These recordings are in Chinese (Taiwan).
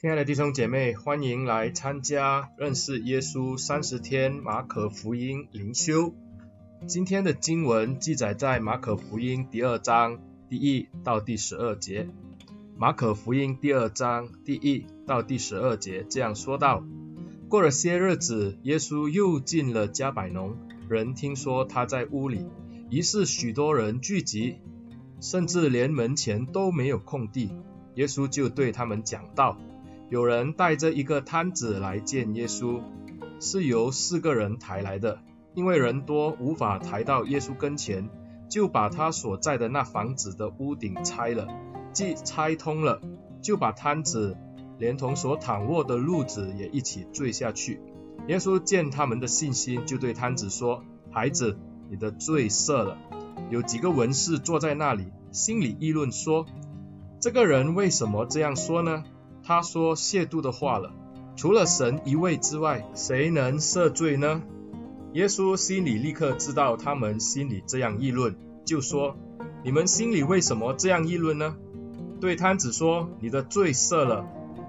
親愛的弟兄姐妹，歡迎來參加認識耶穌三十天馬可福音靈修。今天的經文記載在馬可福音第二章第一到第十二節。馬可福音第二章第一到第十二節這樣說道：過了些日子，耶穌又進了迦百農，人聽說他在屋裡，於是許多人聚集，甚至連門前都沒有空地。耶穌就對他們講道。有人帶着一個攤子來見耶穌，是由四個人抬來的，因為人多無法抬到耶穌跟前，就把他所在的那房子的屋頂拆了，既拆通了，就把攤子連同所躺臥的褥子也一起縋下去。耶穌見他們的信心，就對攤子說：“孩子，你的罪赦了。”有幾個文士坐在那裡，心裡議論說：“這個人為什麼這樣說呢？”他說褻瀆的話了，除了神一位之外，誰能赦罪呢？耶穌心裡立刻知道他們心裡這樣議論，就說：“你們心裡為什麼這樣議論呢？”對癱子說：“你的罪赦了，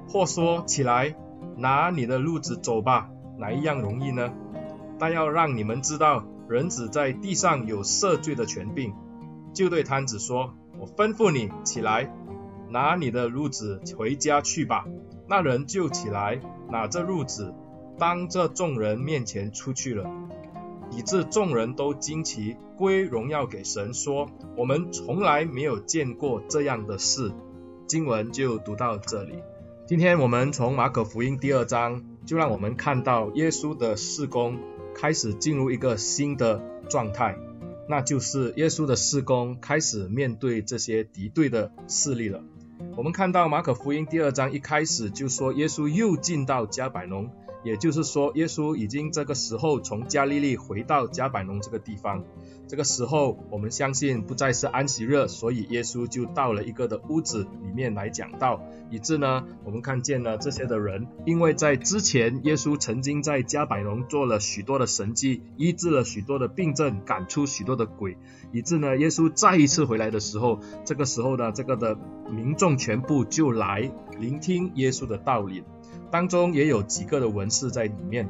或說起來，拿你的褥子走吧，哪一樣容易呢？但要讓你們知道，人子在地上有赦罪的權柄。”就對癱子說：“我吩咐你起來。”拿你的褥子回家去吧。那人就起來，拿着褥子，當着眾人面前出去了，以致眾人都驚奇，歸榮耀給神，說：我們從來沒有見過這樣的事。經文就讀到這裡。今天我們從馬可福音第二章，就讓我們看到耶穌的事工開始進入一個新的狀態，那就是耶穌的事工開始面對這些敵對的勢力了。我們看到《馬可福音》第二章一開始就說，耶穌又進到迦百農，也就是說，耶穌已經這個時候從加利利回到迦百農這個地方。這個時候，我們相信不再是安息日，所以耶穌就到了一個的屋子裡面來講道，以致呢，我們看見了這些的人，因為在之前，耶穌曾經在迦百農做了許多的神蹟，醫治了許多的病症，趕出許多的鬼，以致呢，耶穌再一次回來的時候，這個時候呢，這個的民眾全部就來聆聽耶穌的道理，當中也有幾個的文士在裡面。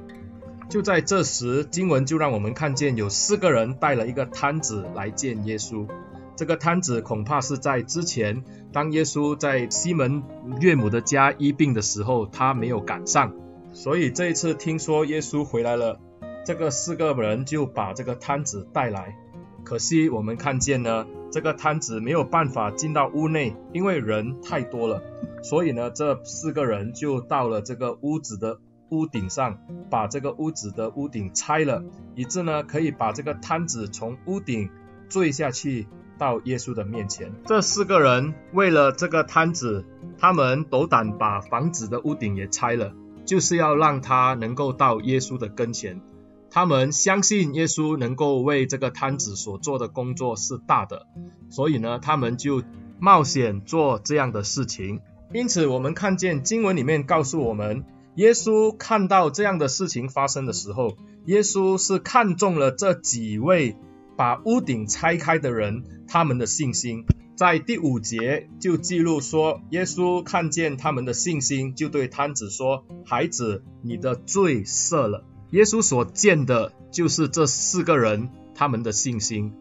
就在這時，經文就讓我們看見有四個人帶了一個攤子來見耶穌。這個攤子恐怕是在之前，當耶穌在西門岳母的家醫病的時候，他沒有趕上。所以這一次聽說耶穌回來了，這個四個人就把這個攤子帶來。可惜我們看見呢，這個攤子沒有辦法進到屋內，因為人太多了。所以呢，這四個人就到了這個屋子的，屋頂上，把這個屋子的屋頂拆了，以致呢，可以把這個癱子從屋頂縋下去到耶穌的面前。這四個人為了這個癱子，他們斗膽把房子的屋頂也拆了，就是要讓他能夠到耶穌的跟前。他們相信耶穌能夠為這個癱子所做的工作是大的，所以呢，他們就冒險做這樣的事情。因此，我們看見經文裡面告訴我們。耶穌看到這樣的事情發生的時候，耶穌是看中了這幾位把屋頂拆開的人，他們的信心。在第五節就記錄說，耶穌看見他們的信心，就對攤子說：“孩子，你的罪赦了。”耶穌所見的就是這四個人，他們的信心，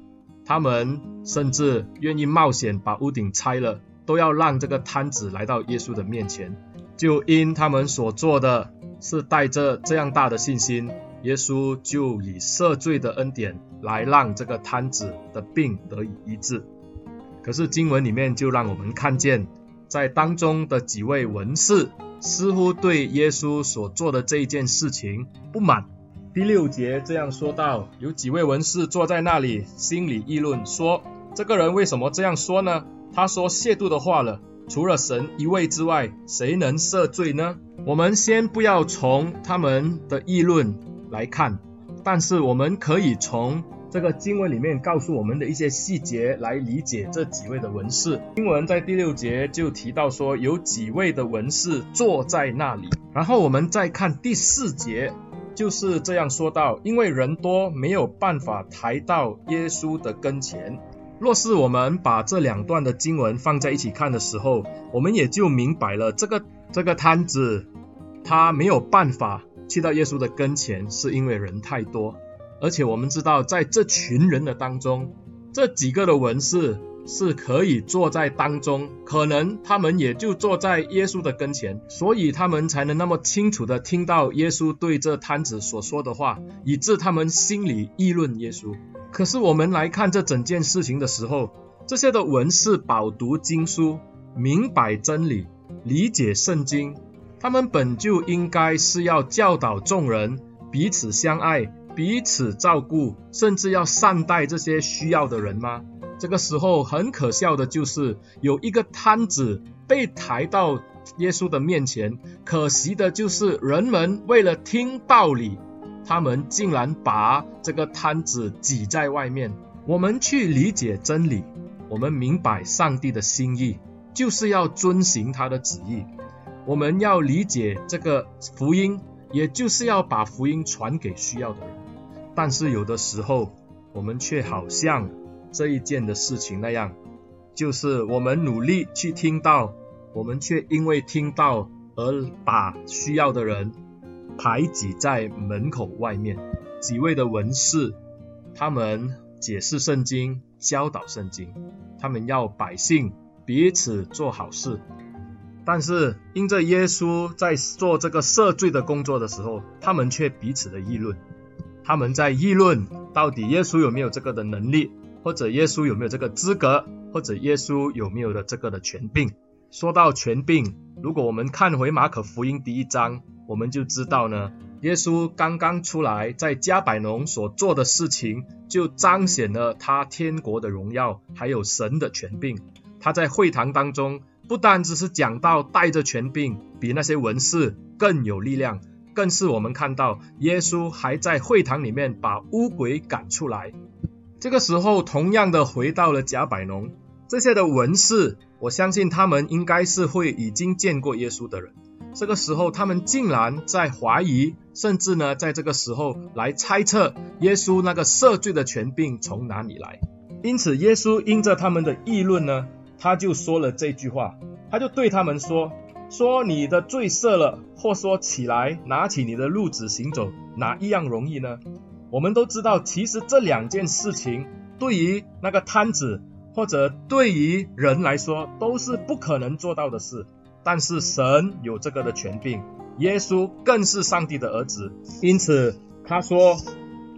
他們甚至願意冒險把屋頂拆了，都要讓這個攤子來到耶穌的面前。就因他們所做的是帶着這樣大的信心，耶穌就以赦罪的恩典來讓這個癱子的病得以醫治。可是經文裡面就讓我們看見，在當中的幾位文士似乎對耶穌所做的這一件事情不滿。第六節這樣說道，有幾位文士坐在那裡，心裡議論說：“這個人為什麼這樣說呢？他說褻瀆的話了。”除了神一位之外，誰能赦罪呢？我們先不要從他們的議論來看，但是我們可以從這個經文裡面告訴我們的一些細節來理解這幾位的文士。經文在第六節就提到說，有幾位的文士坐在那裡，然後我們再看第四節，就是這樣說道，因為人多，沒有辦法抬到耶穌的跟前。若是我們把這兩段的經文放在一起看的時候，我們也就明白了這個這個攤子他沒有辦法去到耶穌的跟前，是因為人太多。而且我們知道，在這群人的當中，這幾個的文士是可以坐在當中，可能他們也就坐在耶穌的跟前，所以他們才能那麼清楚地聽到耶穌對這攤子所說的話，以致他們心裡議論耶穌。可是我們來看這整件事情的時候，這些的文士飽讀經書，明白真理，理解聖經，他們本就應該是要教導眾人彼此相愛、彼此照顧，甚至要善待這些需要的人嗎？這個時候很可笑的就是有一個癱子被抬到耶穌的面前，可惜的就是人們為了聽道理。他們竟然把這個癱子擠在外面。我們去理解真理，我們明白上帝的心意，就是要遵行他的旨意。我們要理解這個福音，也就是要把福音傳給需要的人。但是有的時候，我們卻好像這一件的事情那樣，就是我們努力去聽道，我們卻因為聽道而把需要的人。排擠在門口外面，幾位的文士，他們解釋聖經，教導聖經，他們要百姓彼此做好事。但是，因着耶穌在做這個赦罪的工作的時候，他們卻彼此的議論。他們在議論到底耶穌有沒有這個的能力，或者耶穌有沒有這個資格，或者耶穌有沒有的這個的權柄。說到權柄，如果我們看回馬可福音第一章，我們就知道呢，耶穌剛剛出來在迦百農所做的事情，就彰顯了他天國的榮耀，還有神的權柄。他在會堂當中，不單只是講到帶着權柄，比那些文士更有力量，更是我們看到耶穌還在會堂裡面把污鬼趕出來。這個時候，同樣的回到了迦百農，這些的文士，我相信他們應該是會已經見過耶穌的人。這個時候，他們竟然在懷疑，甚至呢，在這個時候來猜測耶穌那個赦罪的權柄從哪裡來。因此，耶穌因着他們的議論呢，他就說了這句話，他就對他們說：“說你的罪赦了，或說起來拿起你的褥子行走，哪一樣容易呢？”我們都知道，其實這兩件事情對於那個癱子或者對於人來說，都是不可能做到的事。但是神有這個的權柄，耶穌更是上帝的兒子，因此他說：“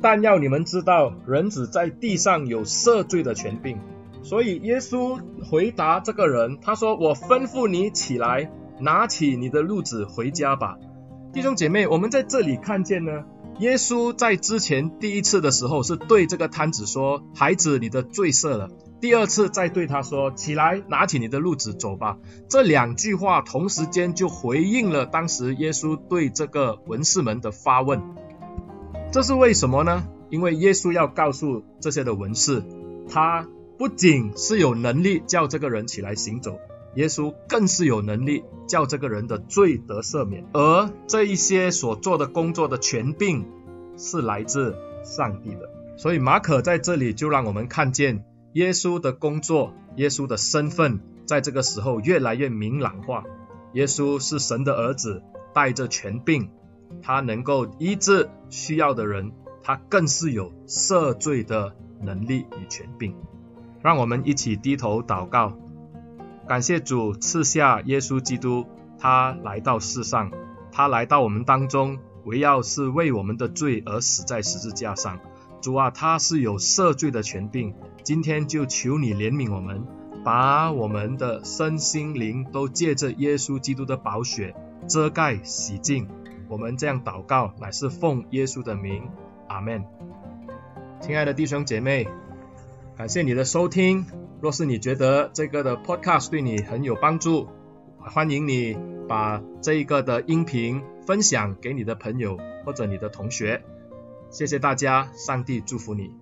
但要你們知道，人子在地上有赦罪的權柄。”所以耶穌回答這個人，他說：“我吩咐你起來，拿起你的褥子回家吧。”弟兄姐妹，我們在這裡看見呢，耶穌在之前第一次的時候是對這個攤子說：“孩子，你的罪赦了。”第二次再對他說：“起來，拿起你的褥子走吧。”這兩句話同時間就回應了當時耶穌對這個文士們的發問。這是為什麼呢？因為耶穌要告訴這些的文士，他不僅是有能力叫這個人起來行走，耶穌更是有能力叫這個人的罪得赦免，而這一些所做的工作的權柄是來自上帝的。所以馬可在這裡就讓我們看見。耶穌的工作、耶穌的身份，在這個時候越來越明朗化。耶穌是神的兒子，帶着權柄，他能夠醫治需要的人，他更是有赦罪的能力與權柄。讓我們一起低頭禱告，感謝主賜下耶穌基督，他來到世上，他來到我們當中，為要是為我們的罪而死在十字架上。主啊，他是有赦罪的權柄，今天就求你憐憫我們，把我們的身心靈都借着耶穌基督的寶血遮蓋洗淨。我們這樣禱告乃是奉耶穌的名，阿門。親愛的弟兄姐妹，感謝你的收聽。若是你覺得這個的 Podcast 對你很有幫助，歡迎你把這一個的音頻分享給你的朋友或者你的同學。謝謝大家，上帝祝福你。